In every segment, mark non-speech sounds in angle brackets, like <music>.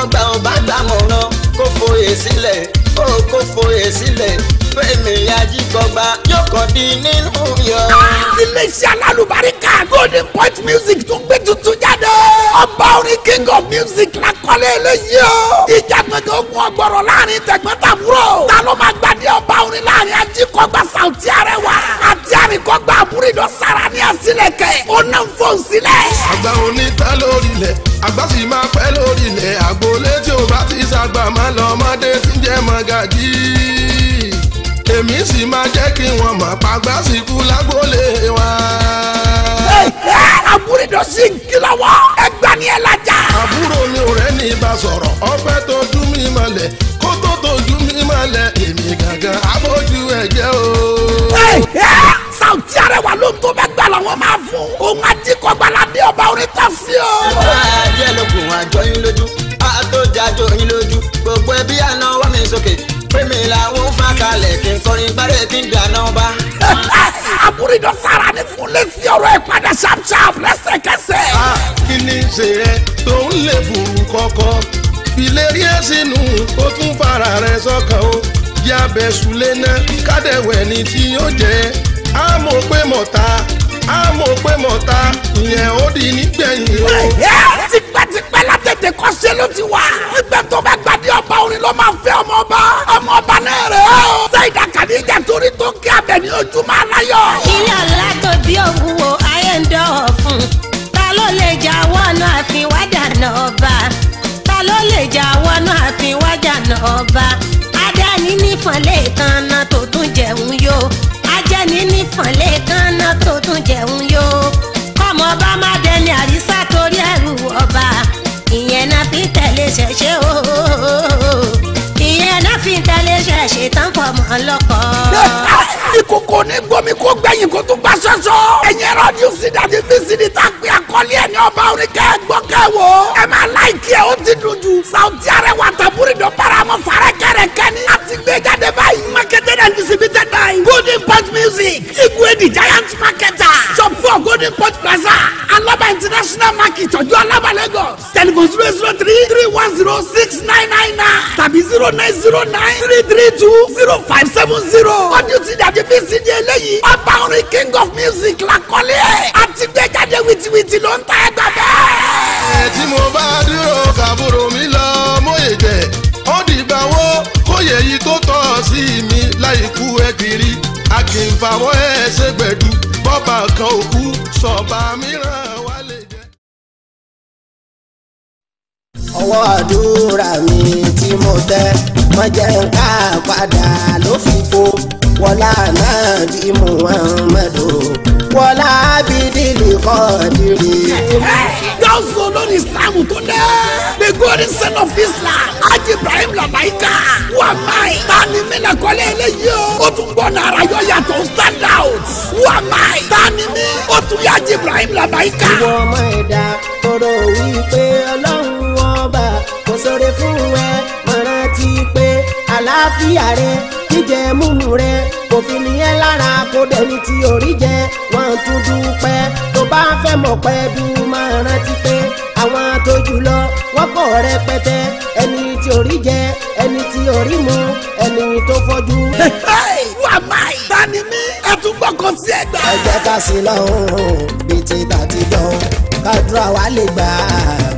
tọ́gbà ọba gbàmọ̀ràn kó foyè sílẹ̀ kó kó foyè sílẹ̀ Fẹ́mi Ajíkọ̀gbà yóò kàn di nínú yọ. iléeṣẹ́ alálùbáríkà golden point music tún gbé tuntun jáde. ọba orin king of music la kọ́lé eléyìí o. ìjà gbẹ̀gẹ̀ ogun ọgbọ̀rọ̀ láàrin tẹ̀gbọ́ntàbúrò. ta ló máa gbàdé ọba orin láàrin Ajíkọ̀gbà Saoty Arewa. àti Àríkọ́gbà àbúrìdọ̀ sara ní àsìlẹ̀kẹ̀. ó náà ń fò sílẹ̀. àgbà onítà lórí ilẹ̀ àgbà sì máa pẹ́ lórí ilẹ̀ àgbò létí ò bá ti sàgbà máa lọ ọmọdé tí ń jẹ́ mọ́gàjì. èmi sì máa jẹ́ kí wọ́n ma. pàgbà sí lágbólé wa. àbúrò sí kìlọ̀ wọ́ ni ẹ lajà. àbúrò mi ò rẹ́ ní ibà sọ̀rọ̀ ọpẹ́ tó mi mọ́lẹ̀ kó tó tó mi mọ́lẹ̀ èmi gangan abójú jẹ́ o. arẹwà ló ń tó bẹ́ẹ̀ gbà làwọn máa fún. òun ní ọba oríta sí o. lójú lójú gbogbo ẹbí àná Fẹ́mi làwọn fà kalẹ̀ kí n kọrin gbárẹ́ kí n dáná bá. Amúrídọ̀ <laughs> sára ni fún létí ọ̀rọ̀ ìpadà ṣàpṣàp lẹ́sẹ̀kẹsẹ̀. Kí ni ṣe rẹ tó ń lè fùrù kọ́kọ́? Filé rí ẹ sínú, ó tún fara rẹ sọ́kàn o. Yàbẹ̀ Sùlé náà, kádẹ̀wẹ̀ ni tí yóò jẹ́. A mọ̀ pé mọ̀ta, a mọ̀ pé mọ̀ta, ìyẹn ó di nígbẹ̀yìn o. Tipẹ́tipẹ́ tètè kọ́ ṣe ló ti wà. ẹgbẹ́ tó bá gbadé ọba orin ló máa fẹ́ ọmọ ọba. ọmọ ọba náà rẹ̀ ọ́. Saida Kadija torí tó kí abẹ ní ojúmọ́ aláyọ̀. ilé ọ̀la bí òun wo ayé ń dọ̀wọ̀ fún. ta ló lè jà wọnú àfin wájà náà ọba. ta ló lè jà wọnú àfin wájà náà ọba. adání nífọ̀lẹ́ ìkànnà tó tún jẹun yó. ajẹ́ni nífọ̀lẹ́ ìkànnà tó tún jẹun yó. kọ́mọ ọba má d lè ṣẹ̀ṣẹ̀ o ìyẹn láfíńtà lè ṣẹ̀ṣẹ̀ tán fọmọ ọlọ́kọ. ìkòkò ní gbomi kó gbẹ̀yìn kó tún bá ṣọ́ṣọ́. ẹ̀yin rọ́ọ̀dù sídàdí fi sídìí tá a pè àkọlé ẹ̀ ní ọba orin kẹ́ ẹ gbọ́ kẹ́ wò. ẹ máa láìkí ẹ ó ti dùn jù sàwùtí arẹwà tàbúrì dọ̀ para mọ́ fara kẹrẹ kẹni a ti gbé jáde báyìí marketed and distributed by golden pot music igwe the giant marketer shop four golden pot plaza alaba international market ọjọ́ alaba lagos telephone zero zero three three one zero six nine nine nine tàbí zero nine zero nine three three two zero five seven zero audio ti dàbí bí cd eléyìí ọba orin king of music lakọ́lé ẹ̀ àti gbé jáde wìtìwìtì ló ń ta ẹgbẹ́ bẹ́ẹ̀. ẹ̀ tí mo bá dúró kàbọ̀ àbúrò mi lọ mọ́yè jẹ́ ó dìgbà wo kóyè yìí tó tọ́ sí mi láì kú ẹ kiri a kì bọ́bà kan òkú sọ̀bà mìíràn ọwọ́ àdúrà mi tí mo tẹ́ mọ̀jẹ̀ ń ká padà ló fi fo wọlá nàbí muhammadu wọlá abidili kọ́ọ̀dìrì. dáhùn olórí ìsìlámù tó dẹ́. the golden son of islam hajj ibrahim labaika wà máì. tani mina kọ́lé eléyìí o. ó tún gbọ́ nàrà yọ yàtọ̀ stand out wà máì. tani mi ó tún yà hajj ibrahim labaika. ìwọ ọmọ ẹ̀dá tọrọ wípé ọlọ́run ọba kò sọ̀rọ̀ fún ẹ mọ̀rántí pé àlàáfíà rẹ jíjẹ múmu rẹ kò fi ní ẹ lára kó dẹni tí orí jẹ wọn tún dúpẹ́ tó bá fẹ́ mọ̀ pẹ́ dùn máa rántí pé àwọn tó jùlọ wọn pọ̀ rẹpẹtẹ ẹni tí orí jẹ ẹni tí orí mu ẹni tó fọ́jú. wà á máa ìta ni mí ẹ tún gbọ́kàn sí ẹgbẹ́. ẹ jẹ́ ká sí lọ́hùn-ún bíi ti tàtijọ́ kádùrà wa lè gbà á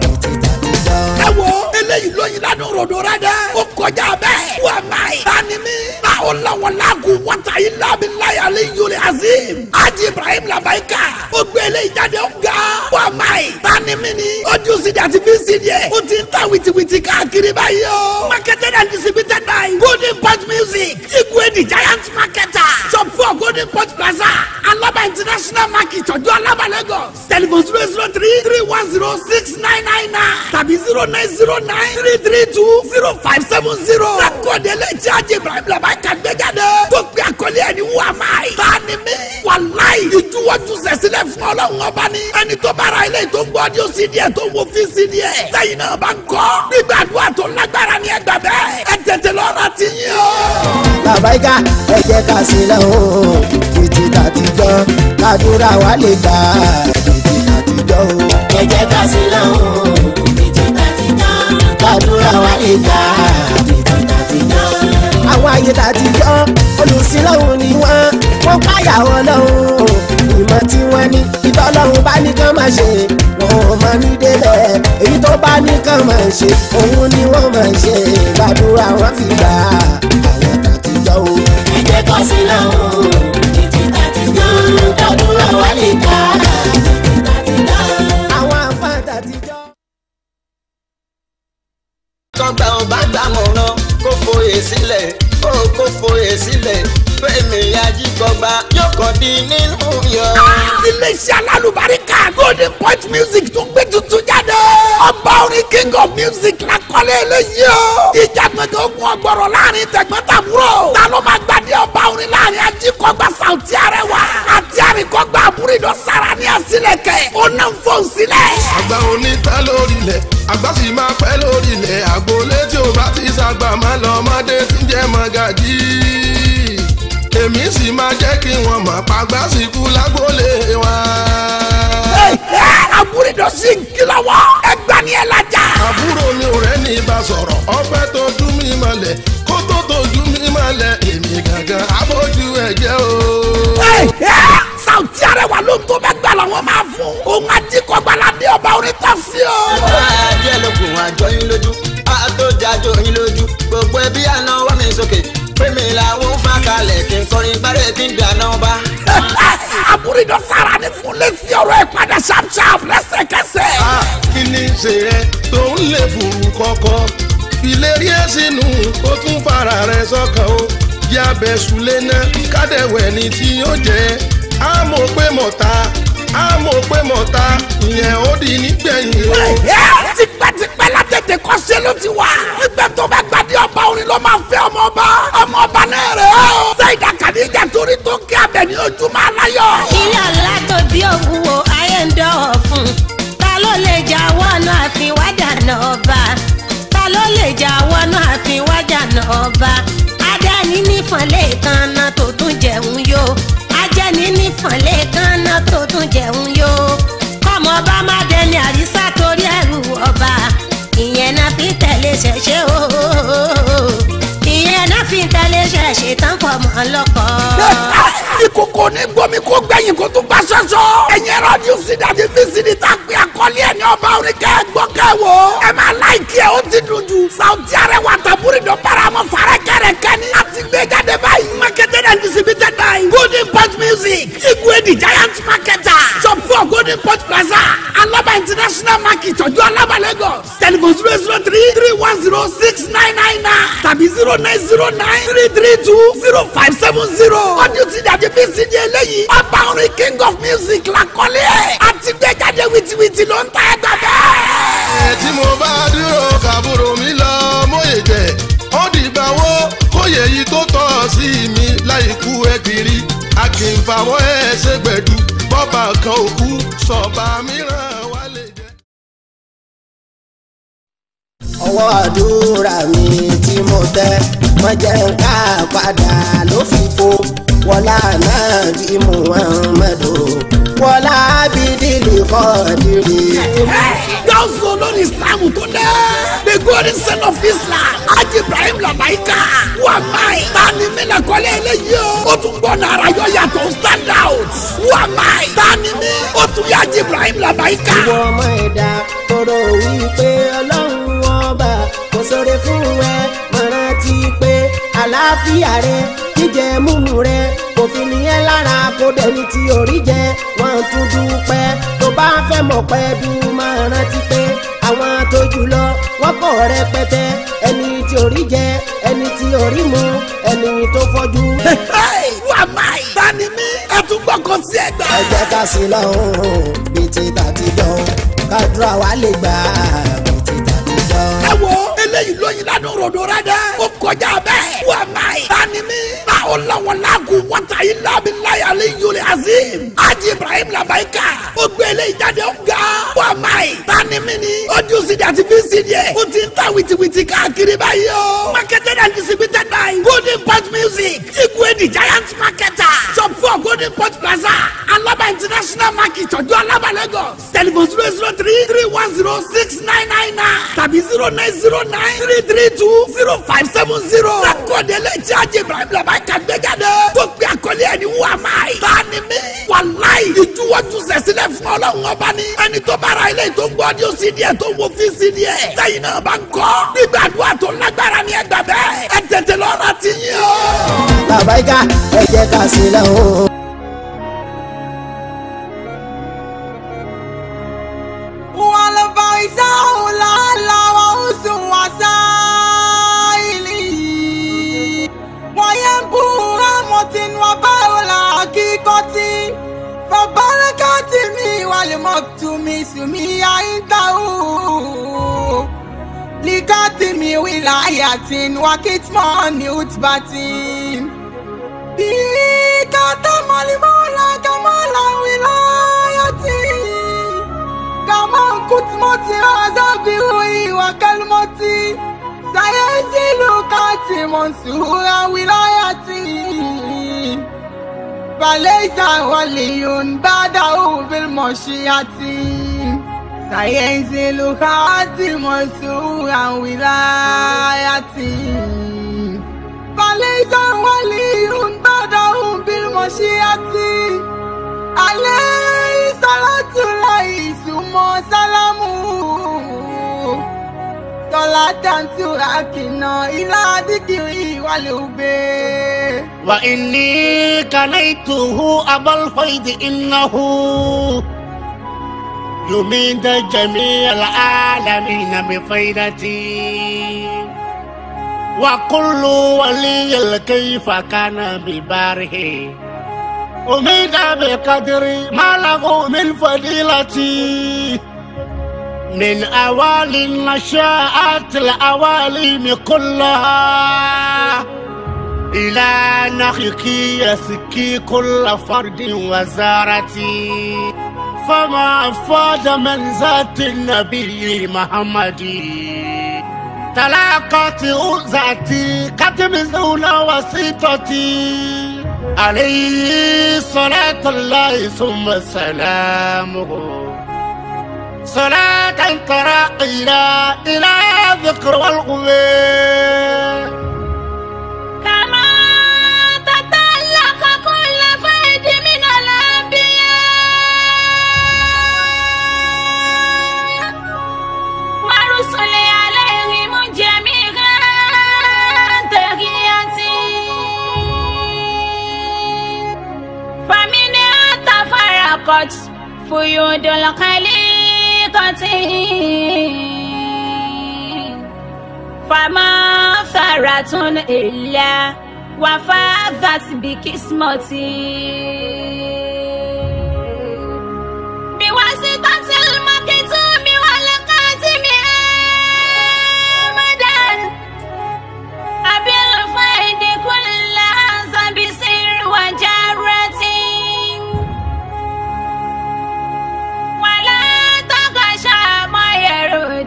eléyìí lóyin lánàá ròdò rẹ dẹ. ó kọjá bẹ́ẹ̀. wà á máa yìí. tani mi. báwo làwọn laagun wata yìí láàbí láyà lè yọlẹ azim. aji ibrahim labayika. ó gbé eléyìí jáde ó ga. wà á máa yìí. tani mi ni. ó ju cd àti vcd yẹ. ó ti ń ta wìtìwìtì káàkiri báyìí o. marketed and distributed by golden pot music. igwe the giant marketer. shop four golden pot plaza. alaba international market ọjọ́ alaba lagos. telephone zero zero three three one zero six nine nine nine tàbí zero nine zero nine three three two zero five seven zero. lakọ̀dẹ́lẹ̀ tí a jẹ ibrahim laban ka gbẹ́jáde. tó gbé àkọlé ẹni wà máa yìí. ta ni mí. wàláyé ìjúwọ́jú sẹ̀sílẹ̀ fún ọlọ́run ọba ni. ẹni tó bára ilé tó ń gbọ́ ọdí òsì díẹ̀ tó ń wo fi sí díẹ̀. sẹ́yìn náà bá ń kọ́. gbígbàdúrà tó lágbára ni ẹ gbà bẹ́ẹ̀. ẹ tètè lọ́ra ti yín o. làbáyíká ẹ jẹ́ ká sílẹ̀ o títí tàtijọ́ kádúrà wà Titi gbà títí tàtijọ́ o. ẹ jẹ́ ká sílẹ̀ o àdúrà wa lè gbà àtijọ́. àwọn ayé tàtijọ́ olùsílọ́hún ni wọ́n wọ́n páyà ọlọ́run ìmọ̀ tí wọ́n ní ìtọ́lọ́run bá ní kán máa ṣe wọn ò mọ ní délẹ̀ èyí tó bá ní kán máa ṣe òun ni wọ́n máa ṣe gbàdúrà wọn fi gbà àwọn tàtijọ́ o. ẹ jẹ́ kó sílọ́hún títí tàtijọ́ gbàdúrà wa lè gbà. tọ́gbà ọba gbàmọ̀ràn kó foyè sílẹ̀ kó kó foyè sílẹ̀ fẹ́mi ajíkọgbà yóò kàn di nínú yọ. iléeṣẹ́ alálùbáríkà golden point music tún gbé tuntun jáde. ọba orin king music la kọ́lé eléyìí o. ìjà gbẹ̀gẹ̀ ogun ọgbọ̀rọ̀ láàrin tẹ̀gbọ́ntàbúrò. ta ló máa gbàdé ọba orin láàrin ajíkọgbà Saoty Arewa àti àríkọgbà àbúrìdọ̀ sara ní àsìlẹ̀kẹ̀. ó ná fóun sílẹ̀. àgbà onítẹ̀ lórí ilẹ̀ àgbà sì máa pẹ́ lórí ilẹ̀ àgbò létí ò bá ti sàgbà má lọ́mọdé èmi sì máa jẹ́ kí wọ́n mọ̀ pàgbà sí kú lágbólé wa. àbúrídọ̀ sí ń kìlọ̀ wọ́ ẹgbà ni ẹ lajà. àbúrò mi ò rẹ́ ní ibà sọ̀rọ̀ ọpẹ́ tó dú mi mọ́lẹ̀ kó tó tó dú mi mọ́lẹ̀ èmi gangan abójú ẹ̀jẹ̀ o. Saoty Arewa ló ń tó bẹ́ẹ̀ gbà làwọn máa fún. òun àdìkọ̀gbàlà ní ọba orí tọ́sí o. ìwà àjẹlógún àjọyín lójú àtòjájọ yín lójú gbogbo ẹbí àná wà mí sókè fẹ́mi làwọn fà kalẹ̀ kí n kọrin gbárẹ́ bí n dáná bá. àbúrò sára ni fún lẹ́sìn ọ̀rọ̀ ẹ̀ padà ṣàpṣàp lẹ́sẹ̀kẹsẹ̀. kí ni ṣe rẹ tó ń lè fùrù kọ́kọ́ ìlérí ẹ̀ sínú kó tún fara rẹ̀ sọ́kàn o yàbẹ̀ sùlẹ̀ náà kádẹ́wẹ̀ ni tí yóò jẹ́ àmọ́ pé mọ̀ta àmọ́ pé mọ̀ta ìyẹn ó di nígbẹ̀yìn o. tipẹ́tipẹ́. Pèntékọ́sẹ́ ló ti wá. Ìgbà tó bá gbadé ọba orin ló máa fẹ́ ọmọ ọba. Ọmọ ọba náà rẹ̀ o. Sẹ́yìndà Kàdíjà torí tó kí abẹ ní ojúmọ́ aláyọ̀. Ilé àlá bí òwú o, ayé ń dọ̀wọ̀ fún. Ta ló lè jà wọnú àfin wájànà ọba? Ta ló lè jà wọnú àfin wájànà ọba? Adẹ́ni nífọ̀lẹ́ ìkànnà tó tún jẹun yó. Ajẹ́ni nífọ̀lẹ́ ìkànnà tó tún jẹun yó. Kọ́mọ má dẹni àrísà lè ṣẹ̀ṣẹ̀ o ìyẹn náà fi ta lè ṣẹ̀ṣẹ̀ tán kọ̀ mọ́ lọ́kọ̀. ní ní gbọ́mi kó gbẹ̀yìn kó tún bá ṣoṣo. ẹ̀yin rọ́díò sídàdí fi sídìí tá a pè àkọlé ẹ̀ ní ọba orin kẹ́ ẹ ẹ máa láìkí ẹ ó dídùn jù. Saoty Arewa Taburi dọ̀ paramọ̀ fara kẹrẹkẹ ni. a ti gbé jáde báyìí. marketed and distributed by golden port music igwe the giant marketer shop for golden port plaza alaba international market ọjọ́ alaba lagos telephone zero zero three three one zero six nine nine nine tàbí zero nine zero nine three three two zero five seven zero audio ti dàbí bc di eléyìí ọba orin king of music la kọ́lé ẹ̀ a ti gbé jáde wìtìwìtì ló ń ta ẹgbẹ́ bẹ́ẹ̀. ẹ̀ tí mo bá dúró kàbó kòrò mi lọ mòye jẹ ó dìgbà wo kóyè yìí tó tọ́ sí mi láìkú ẹ kiri a kì í fàwọ́ ẹ ṣègbẹ̀dù bọ́bà kan òkú sọ̀bà mìíràn wà lè jẹ. ọwọ́ àdúrà mi tí mo tẹ́ wọ́n ń ká padà ló fi fo wọlá nàbí muhammadu wọlá abidili kọ́ọ̀dìrì. gáúsù olórí islam tó dẹ́. the golden son of islam hajj ibrahim labaika wà máì. tani mina kọ́lé eléyìí o. ó tún gbọ́ nara yọ yàtọ̀ stand out wà máì. tani mi ó tún yà hajj ibrahim labaika. ìwọ ọmọ ẹ̀dá tọrọ wípé ọlọ́run wọn kò sóore fún ẹ mọ̀rántí pé àlàáfíà rẹ jíjẹ múmu rẹ kò fi ní ẹ lára kó dẹni tí orí jẹ wọn tún dúpẹ́ tó bá fẹ́ mọ̀ pẹ́ máa rántí pé àwọn tó jùlọ wọn pọ̀ rẹpẹtẹ ẹni tí orí jẹ ẹni tí orí mu ẹni tó fọ́jú. wà á máa ìbáni mi ẹ tún gbọ́kàn sí ẹgbẹ́. ẹ jẹ́ ká sí lọ́hùn-ún bíi ti tàtijọ́ kádùrà wa lè gbà bíi ti tàtijọ́. ẹ wo eléyìí lóyin ládùn ròdò rẹ dẹ. ó kọjá bẹ́ẹ̀. wà á máa mi. bá o lọ́wọ́ lágùn wọ́tà yìí lábí láyà lè yọlẹ̀ azim. aji ibrahim labayika. ó gbé eléyìí jáde ó ga. wà á máa yìí. báni mi ni. ó ju sídìí àti fi sídìí ẹ̀. ó ti ta wìtìwìtì káàkiri báyìí o. marketed and distributed by golden pot music. igwe the giant marketer. shop four golden pot plaza. alaba international market ọjọ́ alaba lagos. telephone zero zero three three one zero six nine nine nine tàbí zero nine zero nine nine three three two zero five seven zero. Akọ́de lè jẹ́ Ibrahim Laba kàgbéjáde. Tó gbé àkọlé ẹni wú àmà yìí. Ta ni mí? Wàláì. Ìjúwọ́jú sẹ̀sílẹ̀ fún ọlọ́run ọba ni. Ẹni tó bára ilé tó ń gbọ́ ni ó sì tó ń wo fi sí díẹ̀. Sẹ́yìn náà bá ń kọ́. Nígbàdúrà tó lágbára ni ẹ gbà bẹ́ẹ̀. Ẹ tètè lọ́ra ti yín o. Làbáyíká ẹ jẹ́ ká sílẹ̀ o. وباء الحقيقة فبركات مي والمكتوم سمي عنده لكاتم ولاية وكتمان عتبة بكتم المولى كمال ولايتي كما كتمت عذابه وكلمتي سيزيل كاتم سهول ولايتي فليس ولي بعده بالمشيئة سينزل خاتم سوء ولايتي فليس ولي بعده بالمشيئة عليه صلاة الرئيس وسلامه Tọ́lá tàǹtúrà kìnà ilá dídìrí ìwálé ògbé. Wà ní kàlẹ́tùhù abọ́lfọ́ìdì ináhù. يميد جميع العالمين بفيدتي وكل ولي الكيف كان بباره أميد بقدر ما له من فضيلتي من أوالي النشاءات الأواليم كلها إلى نخيك يسكي كل فرد وزارتي فما فاد من ذات النبي محمد تلاقت أوزاتي قد مزول وسيطتي عليه صلاة الله ثم سلامه صلاة تراقينا إلى الذكر والغويل كما تتألق كل فيد من الأنبياء ورسل عليهم جميعا تحيتي فمنها تفرقت فيود الخليل بسيطة فما ثرة إلا وفاضت بكسمتي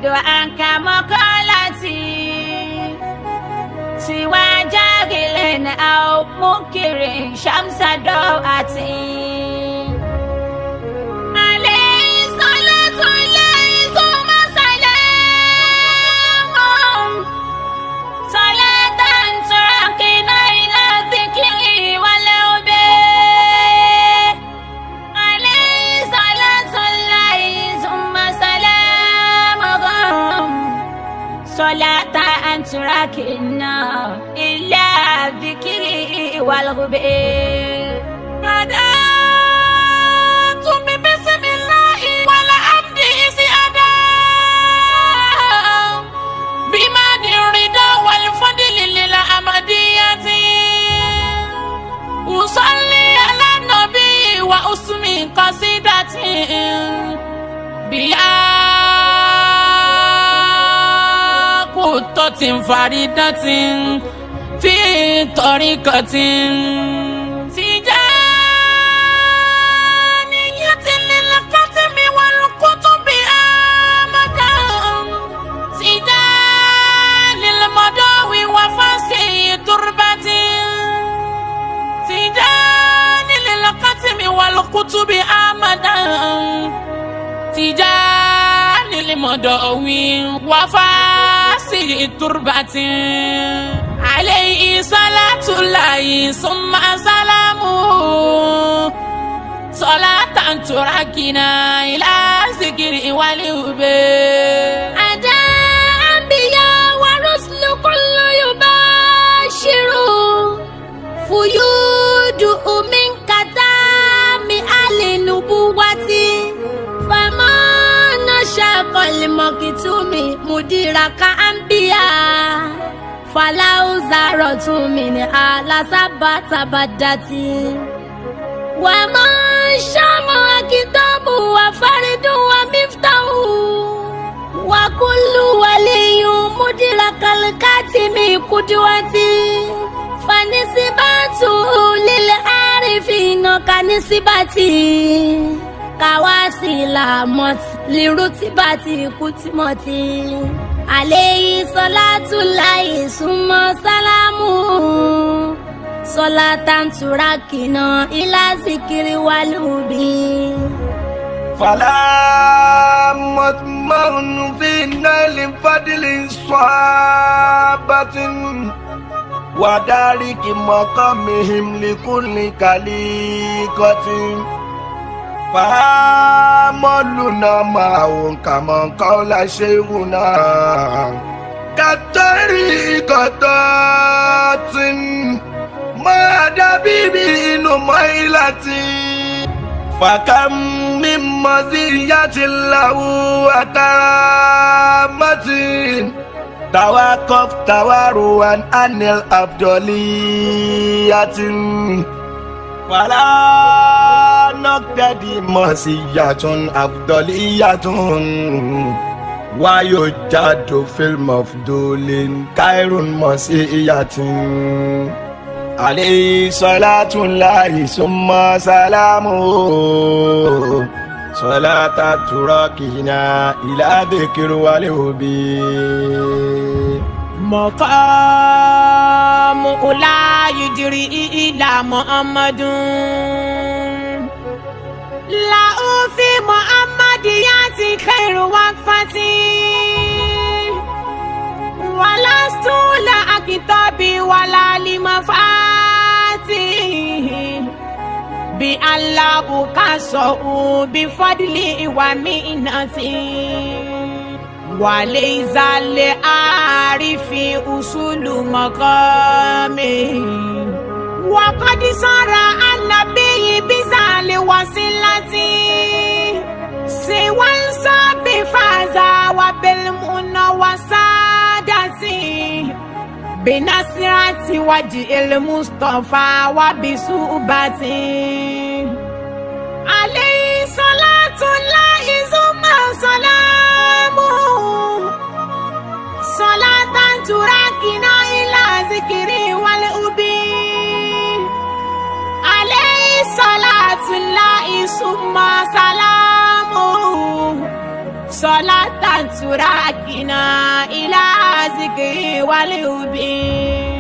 Do odò àǹkàmọ́kọ́ láti tiwa jágilẹ̀ náà mú kiri ṣàmṣàdọ́ àti. الصلاة عن تراك النار إلا ذكري والغبي بدأت ببسم الله والأمد إذ أدا بمد الرضا والفضل للأمدية أصلي على النبي وأسمي قصيدتي بأ صوت فريدة في طريقة تجانية للقسم والكتب آمدا سجال المضاوي وفاسي تربة سجال للقسم والكتب آمدا سجال المضاوي وفاسي خير تربة عليه صلاة الله ثم سلامه صلاة تراكنا إلى ذكر والهب أدى أنبياء ورسل كل يباشر فيود من كتام آل نبوة فما نشاق المكتوم مديرك ya falauza rọ̀túnmí ni alásábàtàbàdàtì wà mọ́ ṣọ́mọ́ akíntọ́bù wà fárídùn wà míftáhù wà kúlù wàlíyùn múdìrà kàlùkàtì mi kùdìwàtì fanisibatu lílẹ̀ àrífínà kanisibati kawasi la sí làmọ́tì lérò tìbàtì kùtìmọ́tì àléyìn sọlátù láì súnmọ́ sálámù sọlátàntúrà kìnà ìlàsìkiri wàlúùbí. fàlà mọ̀tìmọ́ọ̀nù fi náìlì fadìlì sọ abátí wàdárí kìmọ̀kọ́ mi hìmlìkùnlé kàlíkọ́tì. فآملنا معهم كمن قال شيخنا كالطريقة ما دبيب نميلة فكم من مزية له وكرامة توقف توروا عن الأفضلية fàlà nọ́kẹ́dì mọ̀sí yàtún àbùdọ́lì yàtún wáyò jáde film of dolin kairun mọ̀sí yàtún. عليه صلاة الله ثم سلامه صلاة تراكنا إلى ذكر والهبي mọ̀kọ́mù ọláyìdìrí ìlà mọ́ọ́mọ́dún. làófin mọ́ọ́mọ́dìyà ti kẹrù wá fati. wàlásùlà àkìtọ́bí wàlálì mọ́fàtì. bí aláwọ̀ ká sọ̀hún bí fọ́dílì ìwà mí ìnà sí وليس لعارف أصول مقامه وقد صار النبي بزال وسيلة سوى الصاب فازا وبالمن وسادة بنصرة وجه المصطفى وبصحبته عليه صلاة الله تراكنا إلى ذكري والأبي عليه صلاة الله ثم سلامه صلاة تراكنا إلى ذكري والأبي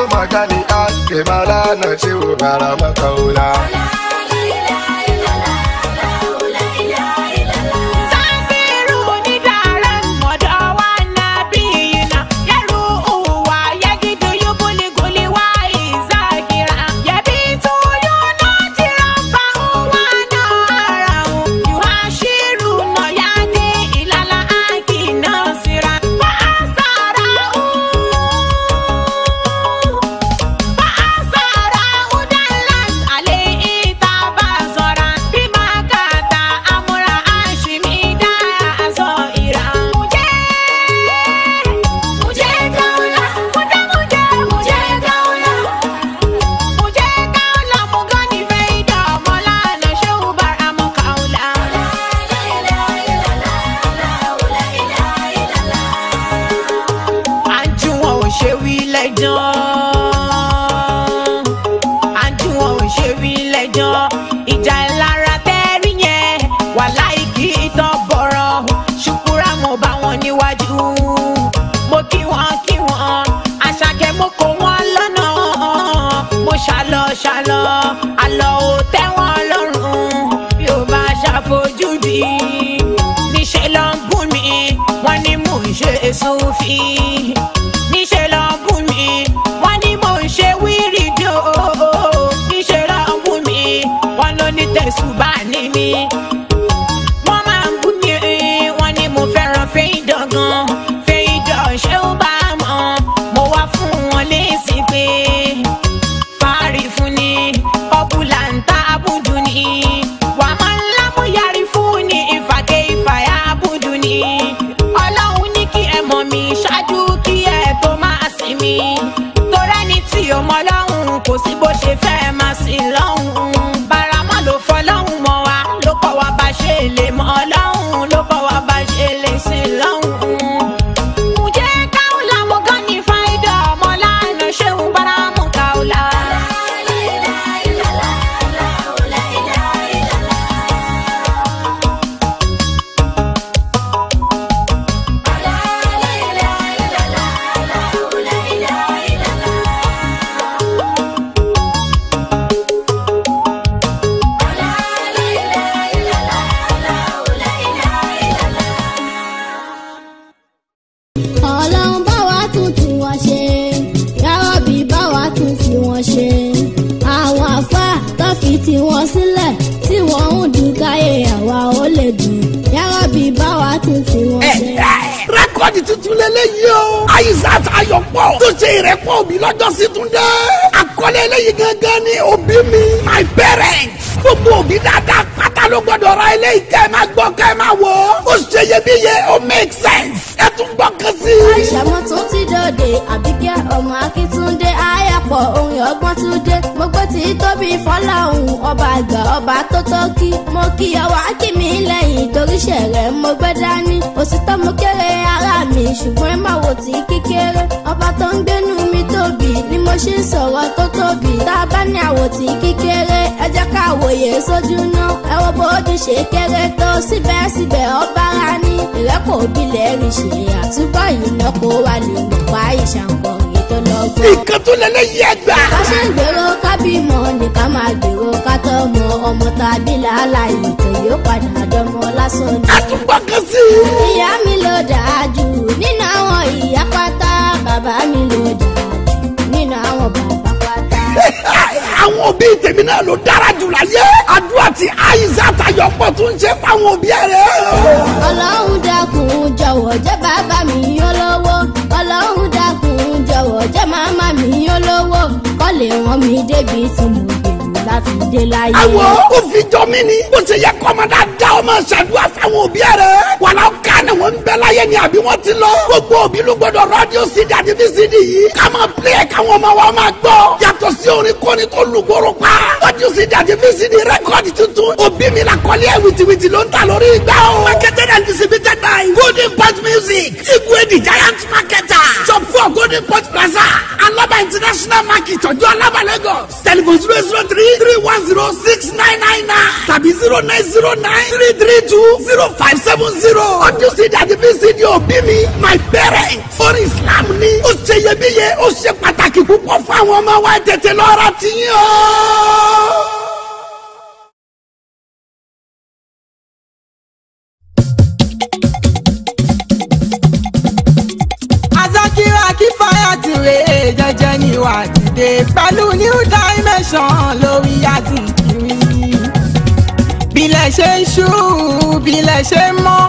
su magani a na ciwo ce maka makaula. ṣe kéré tó síbẹ̀síbẹ̀ ọba ra ní ìrẹ́pọ̀ òbílẹ̀ rí ṣe àtúbọ̀ ìnáko wà ní ìmọ̀pá ìṣàǹkọ̀rẹ́ tó lọ́gbọ́n. nǹkan tó lẹ́lẹ́ yí ẹgbà. ká ṣe ń gbèrò ká bímọ ni ká máa gbèrò ká tọ́ mọ ọmọ tàbí làálà ìtàn yóò padà dánmọ́ lásán ni. àtúpọ̀ kan sí i. ìyá mi ló dáa jù nínú àwọn ìyá pátá bàbá mi ló dáa àwọn òbí tèmi náà ló dára jù láyé àdúrà tí àyíṣà tayọ pọ̀ tó ń ṣe fáwọn òbí rẹ̀. ọlọ́run dákun jọ̀wọ́ jẹ́ bàbá mi olówó ọlọ́run dákun jọ̀wọ́ jẹ́ màmá mi olówó kọ́ lè rán mi débi tí mo gbé bá ti dé láyé. àwọ̀ ó fi jọ mí ni. bó ṣe yẹ kọ́mọdá da ọmọ ṣàdúrà fáwọn òbí rẹ̀. wàlá ká ni wọ́n ń bẹ láyé ni àbí wọ́n ti lọ. gbogbo òbí ló gbọdọ̀ rádìó CD àti VCD yìí. ká máa pilẹ̀ ẹ̀ káwọn ọmọ wa máa gbọ́. yàtọ̀ sí orin kọ́ni tó lùgbòrò pa. rádìó CD àti VCD rẹ́kọ̀dì tuntun. òbí mi la kọ́lé ẹ̀ wìtìwìtì ló ń ta lórí ìgbà o. marketed and distributed by Golden Pot Music. igwe the giant marketer. shop for Golden Pot Plaza. alaba international market ọjọ́ alaba Lagos. telephone zero zero three three one zero six nine nine nine tàbí zero nine zero nine three three two zero five seven zero. ọdún sí dàbí bí sí ni òbí mi my parents for Islam ni ó ṣe iyebíye ó ṣe pàtàkì púpọ̀ fún àwọn ọmọ wa tètè lọ́ra tiyín o. jẹjẹ ni wà á ti dé pẹ̀lú new dance tẹ̀sán lórí àtìkiri. bílẹ̀ ṣe ń ṣú bílẹ̀ ṣe ń mọ́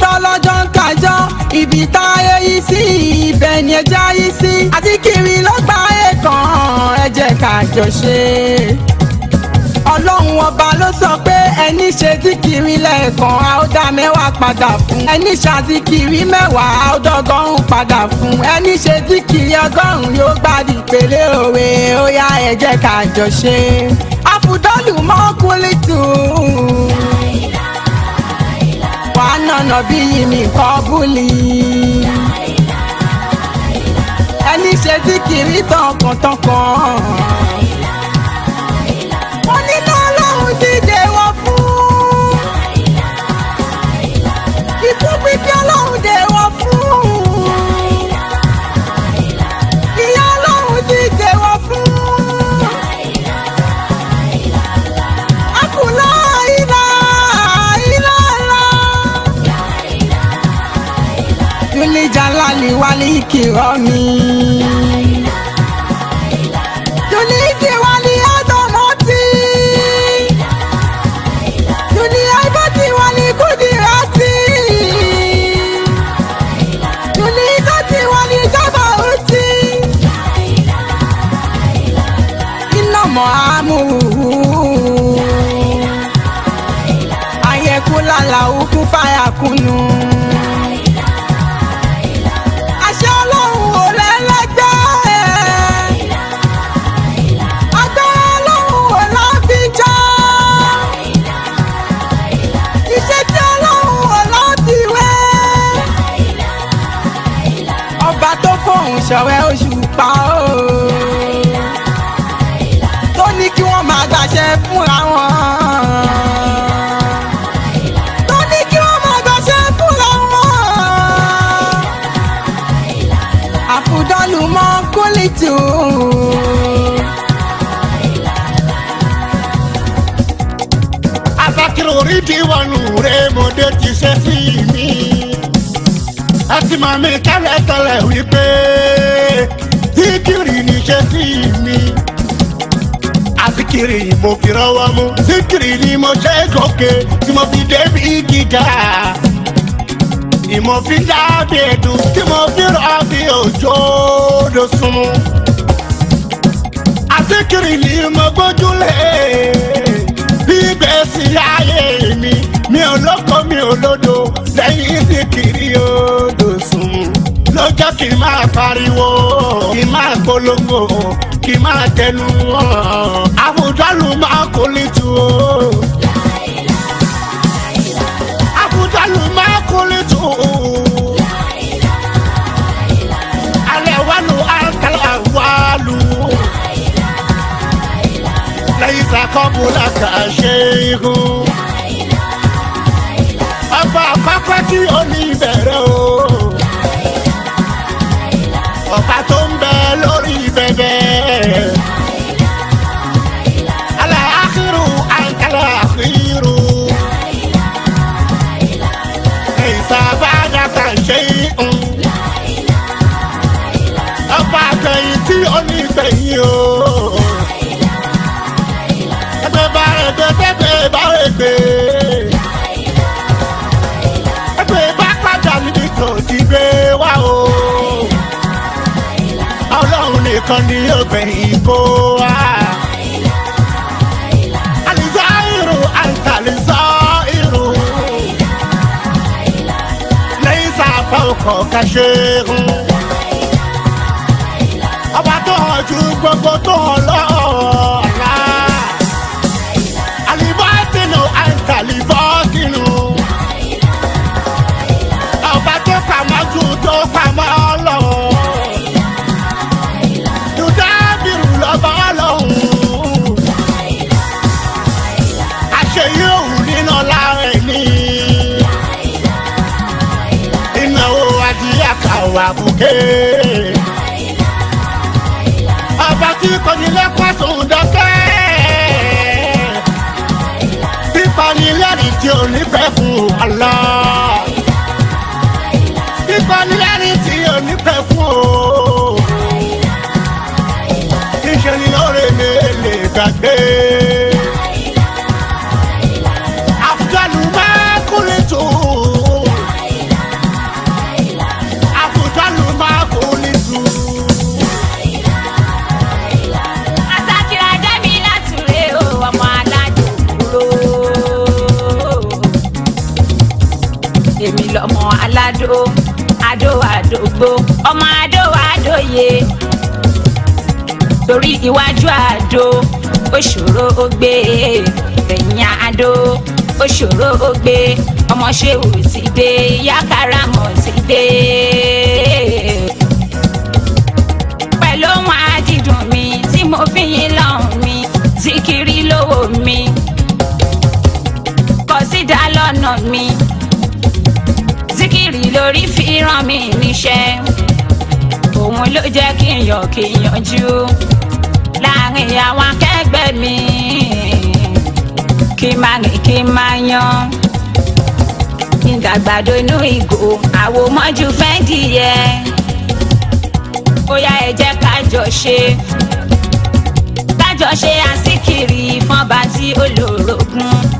tọ́lọ́jọ́ ń kájọ́ ibi tá a yẹ yí sí ibẹ̀ ni ẹja yí sí àtìkiri ló gba ẹ̀kan ẹ jẹ́ ká jọ ṣe é ọlọ́run ọba ló sọ pé ẹni ṣe zikiri lẹ́ẹ̀kan a ó dá mẹ́wàá padà fún ẹni ṣàzikiri mẹ́wàá a ó dọ́gọ́rùn padà fún ẹni ṣe zikiri ọgọ́rùn yóò gbádì pèlè òwe ó yá ẹ jẹ́ ká jọ ṣe àfùdọ́lù mọ́kúnlẹ̀ tù wàá nànà bí yìí nìkan búlì ẹni ṣe zikiri tọkàntọkàn. wálé kìrọ́ mi. ọba tó fòun ṣọ̀rẹ́ Òṣùpá o. tó ní kí wọ́n máa gbàṣẹ fúnra wọn. tó ní kí wọ́n máa gbàṣẹ fúnra wọn. àfùdọ́lù mọ́ kólítù. abakiri orí wọnú rẹ mo dé ti ṣe sí i àti màmí tẹ́lẹ̀tẹ́lẹ̀ wípé síkìrì ní ṣe sí mi àsìkìrì mo fi rọwọ́ mú síkìrì ni mo ṣe gòkè tí mo fi débi gíga ìmọ̀ fi dábì ẹ̀dùn tí mo fi rọ́ọ̀bì òjòòdò sunmu àsìkìrì ni mo gbójúlé sígbèsì ayé mi mi ò lóko mi ò lódò lẹ́yìn kiri odò sùn lọ́jọ́ kì í máa pariwo kì í máa polongo kì í máa tẹnu hàn àwùjọ lù máa kó létu o. kọ́bùlákà ṣe igun. ọba àpapọ̀ tí ó ní ìbẹ̀rẹ̀ o. ọba tó ń bẹ lórí bẹbẹ. aláàkírù àkàlàkírù. ìsàbádàkà ṣe igun. gbé. ẹgbẹ́ bá padà níbi kan ti gbé wá o. ọlọ́run nìkan ni yóò gbẹ̀yìn kó wá. àlìsọ́ irun àtàlìsọ́ irun. lẹ́yìn sábà ọkọ̀ ká ṣe é hun. ọba tó hàn ju gbogbo tó hàn lọ́wọ́. Allah. Ìkọ́ni lẹ́ni tí ò ní pẹ́ fún o. Ìṣe ni lóore mi lè gbàgbé. torí iwájú àdó ó ṣòro ó gbé ẹ̀yìn àdó ó ṣòro ó gbé ọmọ ṣéwù ti dé yákàrà mọ̀ ti dé. pẹ̀lú ohun àdìdùn mi tí mo fi yín lọ́hùn mi zikiri lówó mi kọ̀sídà lọ́nà mi zikiri lórí fi ràn mí níṣẹ́ òun ló jẹ́ kí n yọ̀ kí n yanjú láàrin àwọn akẹgbẹ́ mi kí n máa rìn kí n máa yan kí n gàgbàdo inú ìgò àwo mọ́jú fẹ́ǹdì yẹ bóyá ẹ jẹ́ ká jọ ṣe ká jọ ṣe àsìkiri fọ́nba tí olórogún.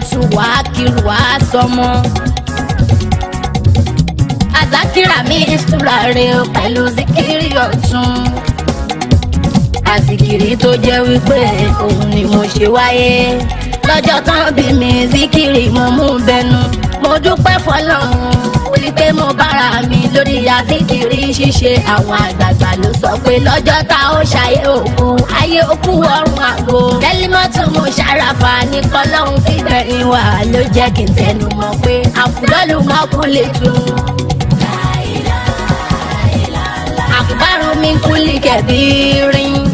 dọ̀tún wá kiri wá sọmọ. àzákìrà mi ìṣúrare pẹ̀lú síkírì ọ̀tún. àsìkìrì tó jẹ́ wípé òun ni mo ṣe wáyé. lọ́jọ́ tán bí mi zikiri mo mú bẹnu mo dúpẹ́ fọlọ́run wípé mo bára mi lórí àsìkiri ṣíṣe àwọn àgbààgbà ló sọ pé lọ́jọ́ tá ó ṣayé òkun ayé òkun ọ̀run àgbo tẹ́límọ́tò mo ṣàràfà ní kọ́lọ́hún síbẹ̀ ìwà ló jẹ́ kí n tẹnu mọ́ pé àkùdọ́lù mọ́kún lè tún. àkùbárùn mi kú lè kẹ̀bí rin.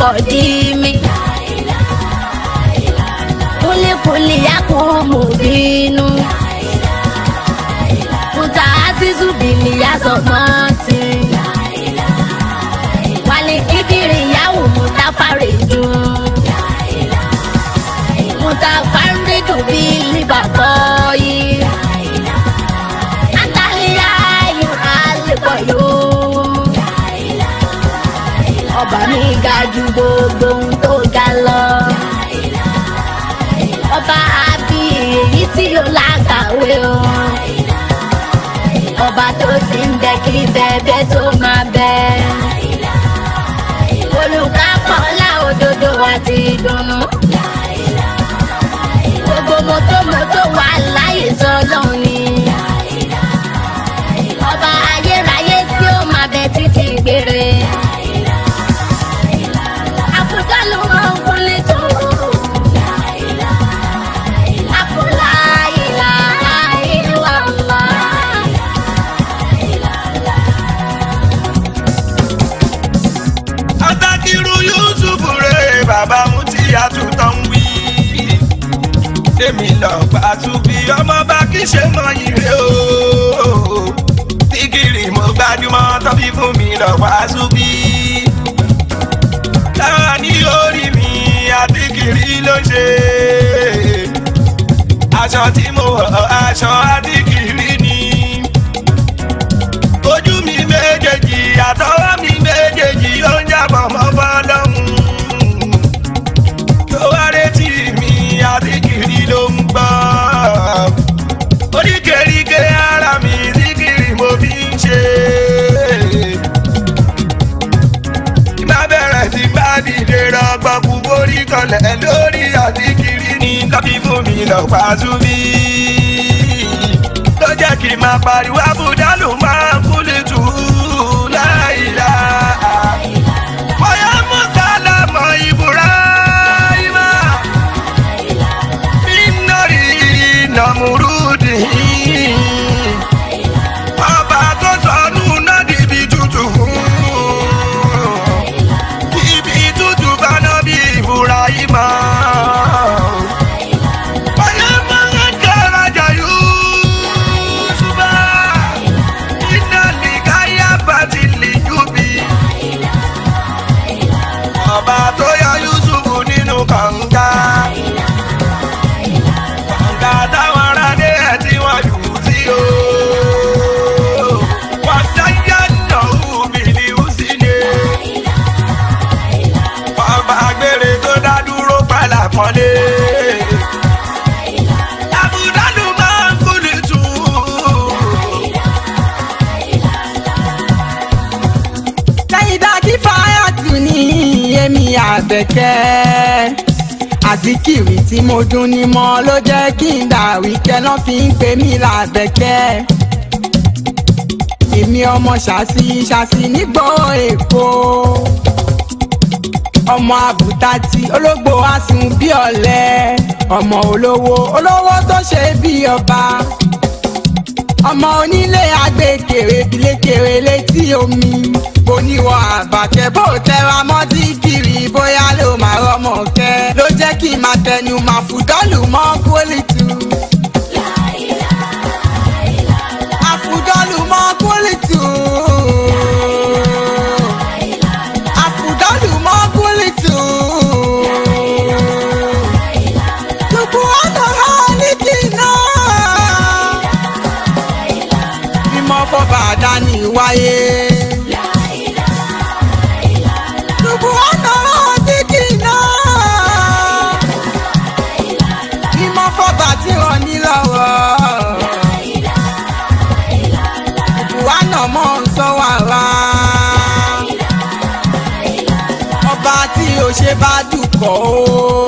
قديم قل قل يقوم دين متعزز باليزمات والإكرياء متفرج متفرد بالبقاء ju gbogbo ohun tó ga lọ. ọba àbí èyí tí ó lágbàwé o. ọba tó ti ń bẹ kí bẹ̀bẹ̀ tó máa bẹ. olùkápọ̀ ọlá òdodo àti ìdùnnú. fi ṣe mọ ìrè o sígìrì mo gbajúmọ̀ tó fi fún mi lọ wàásù bí. táwọn ní orí mi àti kiri ló ṣe aṣọ tí mo wọ̀ aṣọ kìlọ̀ pàtó mi tó jẹ́ kí n máa pariwo àbúrò. kẹ̀kẹ́ àzíkìrì tí mo dún ní mọ́ ló jẹ́ kí n dà wíkẹ́ lọ́n fi ń pè mí làbẹ̀kẹ́ èmi ọmọ ṣàṣì ṣàṣì nígbò èkó ọmọ àbùtá tí ológbò á sùn bí ọ̀lẹ ọmọ olówó olówó tó ṣe bí ọba ọmọ onílé agbèkèrè bílékèrè létí omi oníwọ̀ àbàkẹ́ bó tẹra mọ́ dígí mi bóyá ló máa rọmọ kẹ́ ló jẹ́ kí n máa tẹnu máa fùdọ́ọ̀lù mọ́ kólítù. bá dùkọ̀ o.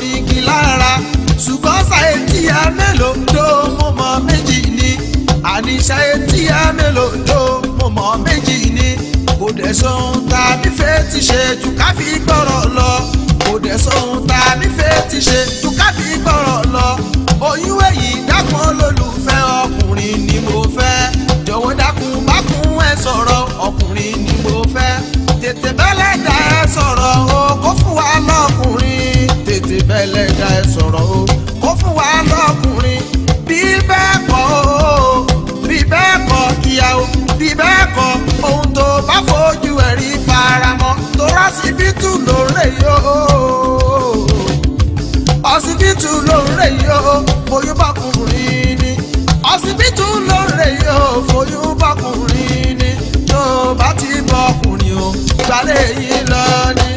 mi kí lára ṣùgbọ́n ṣàyè tí a mélòó tó mo mọ̀ méjì ni àní ṣàyè tí a mélòó tó mo mọ̀ méjì ni kò dẹ̀ sóhun tàbí fẹ́ ti ṣe jù ká fi gbọ́rọ̀ lọ kò dẹ̀ sóhun tàbí fẹ́ ti ṣe jù ká fi gbọ́rọ̀ lọ oyún èyí dákun olólù. bẹ́lẹ̀ dá ẹ sọ̀rọ̀ o kó fún wa lọ́kùnrin bí bẹ́ẹ̀ kọ́ o bí bẹ́ẹ̀ kọ́ ìyàwó bí bẹ́ẹ̀ kọ́ ohun tó bá fojú ẹ̀ rí faramọ́ tó rọ́sibítù lóore yóò ọsibítù lóore yóò foyún bọ́kùnrin ni ọsibítù lóore yóò foyún bọ́kùnrin ni tó bá ti bọ́kùnrin o ìgbàlẹ̀ yìí lọ ni.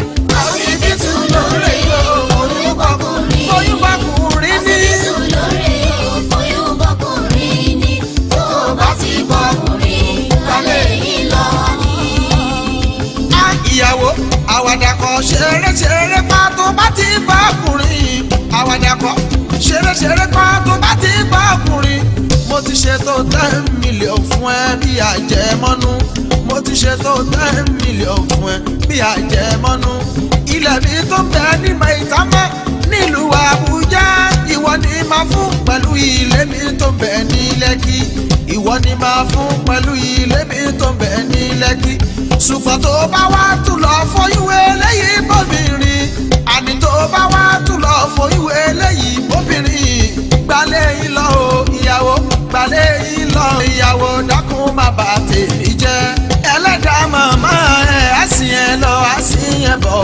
àwàdà kan ṣeré ṣeré pa tó bá ti bá ọkùnrin àwàdà kan ṣeré ṣeré pa tó bá ti bá ọkùnrin mo ti ṣètò ten million fún ẹ bí àjẹmọ́nú mo ti ṣètò ten million fún ẹ bí àjẹmọ́nú ilẹ̀ mi tó bẹ ní maitama nílùú Àbújá ìwọ ni máa fún pẹ̀lú ilé mi tó ń bẹ ní Lẹ́kì ìwọ ni máa fún pẹ̀lú ilé mi tó ń bẹ ní Lẹ́kì ṣùgbọ́n tó bá wá tún lọ fọyúwé lẹ́yìn bọ́mìnrin àní tó bá wá tún lọ fọyúwé lẹ́yìn bọ́mìnrin gbalẹ̀ yín lọ o ìyàwó gbalẹ̀ yín lọ ìyàwó dákun má bà tèmi jẹ́ ẹlẹ́dàá màmá ẹ̀ á sì yẹn lọ á sì yẹn bọ̀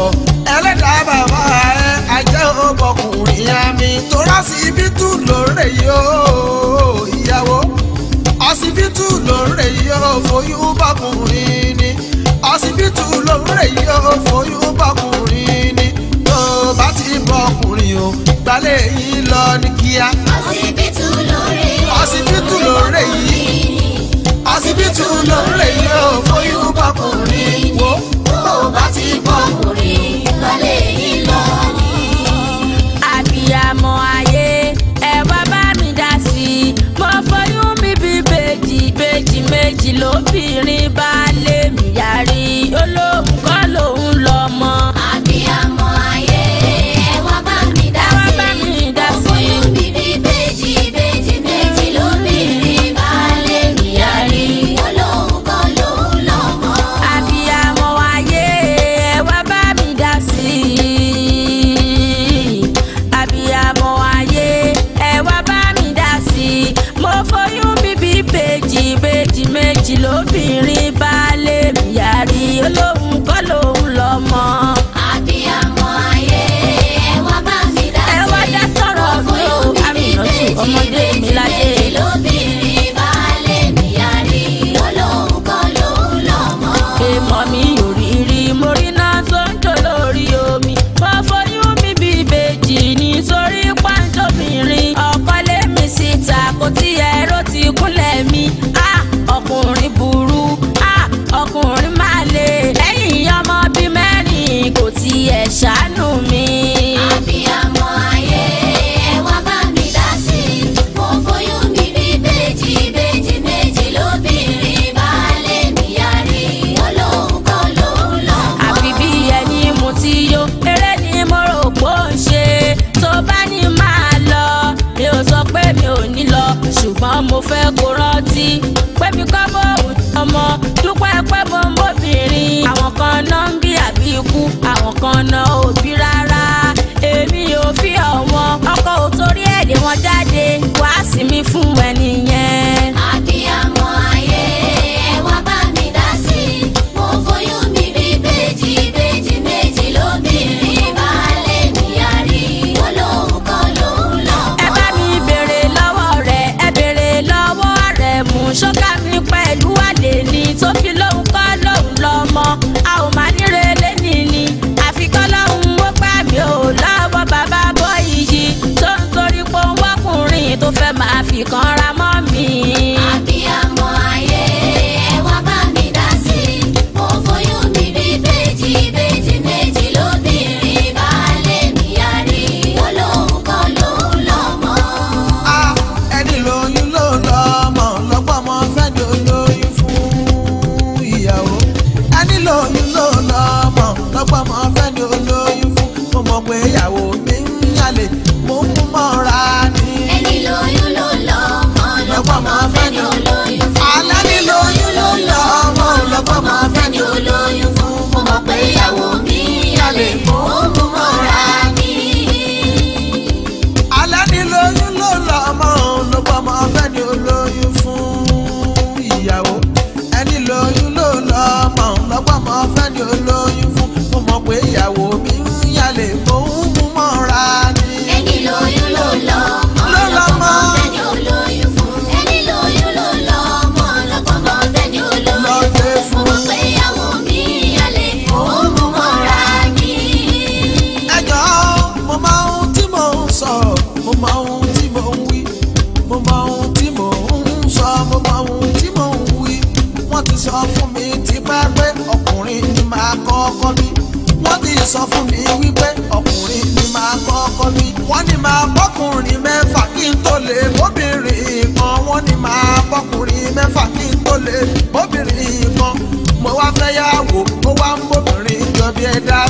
ẹlẹ́dàá bàbá ẹ̀ ajẹ́ ọmọkùnrin àmì tó rásìbítù lóore yóò ìyàwó ọsibítù lóore yóò foyún bọkùnrin ni ọsibítù lóore yóò foyún bọkùnrin ni tó bá ti bọkùnrin yín o gbalẹ̀ yín lọ ní kíá. ọsibítù lóore yìí ọsibítù lóore yìí ọsibítù lóore yìí o foyún wo bó o bá ti bọkùnrin gbalẹ̀ yín lọ ní. àbíyamọ ayé ẹ wá bá mi dá sí i mo foyún mi bí bèjì bèjì méjì lóbìnrin bá lè mi yarí olóhùn kọ́.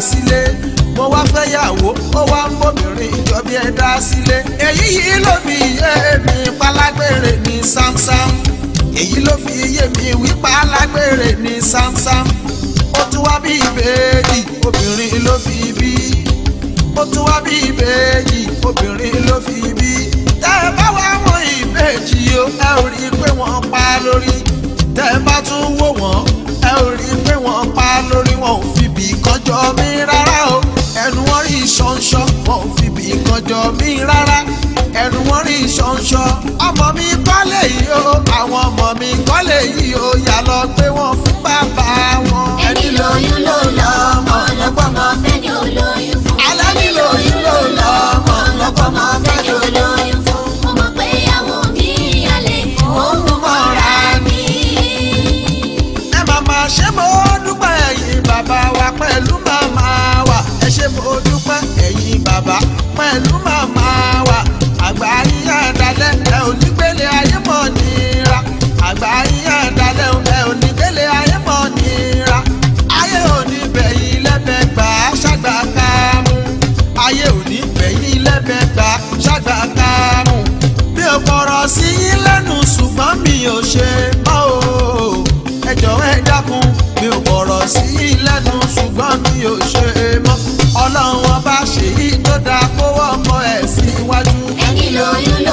sílé mo wá fẹ́yàwó ó wá ń bòmìnrin ìjọbí ẹ dá sílé èyí yìí ló fi yé mi pálágbére ní sámsám èyí ló fi yé mi wí pálágbére ní sámsám ó tún wá bí ìbejì obìnrin ló fi bí ó tún wá bí ìbejì obìnrin ló fi bí tẹ́ ẹ bá wá mọ ìbejì o ẹ ò rí i pé wọ́n pa lórí tẹ́ ẹ bá tún wò wọ́n ẹ ò rí i pé wọ́n pa lórí wọn ò fi fìbì kanjọ mi rárá o ẹnu wọn rí ṣọ̀nṣọ̀ wọn ò fìbì kanjọ mi rárá ẹnu wọn rí ṣọ̀nṣọ̀ ọmọ mi kọ́lé yìí o àwọn ọmọ mi kọ́lé yìí o yà lọ gbé wọn fún bàbá wọn. ẹni lóyún ló lọ ọmọ ọlọ́pọ̀ máa fẹ́ olóyún fún. alẹ́ lóyún ló lọ ọmọ ọlọ́pọ̀ máa fẹ́ olóyún fún. mo bàbá pẹ̀lú màmá wa àgbà yín àdálẹ́ ẹ ò ní gbélé ayé mọ̀ nira àgbà yín àdálẹ́ ẹ ò ní gbélé ayé mọ̀ nira ayé ò ní bẹ̀yìn lẹ́bẹ̀ gbà ṣàgbà kámú ayé ò ní bẹ̀yìn lẹ́bẹ̀ gbà ṣàgbà kámú mi ò fọ̀rọ̀ sí yín lẹ́nu ṣùgbọ́n mi ò ṣe mọ́ o ẹ jọ̀wọ́ ẹ dákun mi ò fọ̀rọ̀ sí yín lẹ́nu ṣùgbọ́n mi ò ṣe é mọ́ ọlọ́run ọba ṣèyí tó dáa kó wọ́n ẹ̀ síwájú. ẹni lóyún lọ.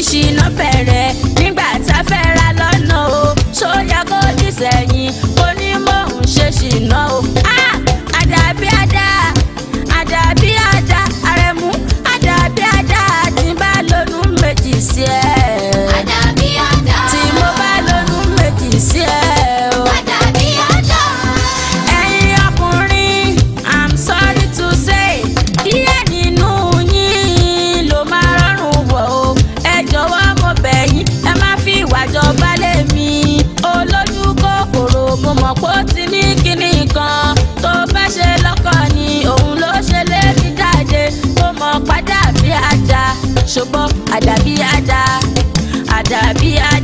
oríṣiríṣi iná bẹ̀rẹ̀ nígbà tá a fẹ́ ra lọ́nà o ṣó yẹ kó dìsẹ̀yìn kó ní mò ń ṣe ṣìnà o. àdàbí àdá àdàbí àdá.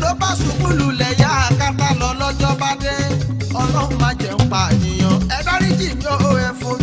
tó bá ṣubú lulẹ̀ yá akátá lọ lọ́jọ́ bá dé ọlọ́run má jẹun pànìyàn ẹ dáríjì mi ò ẹ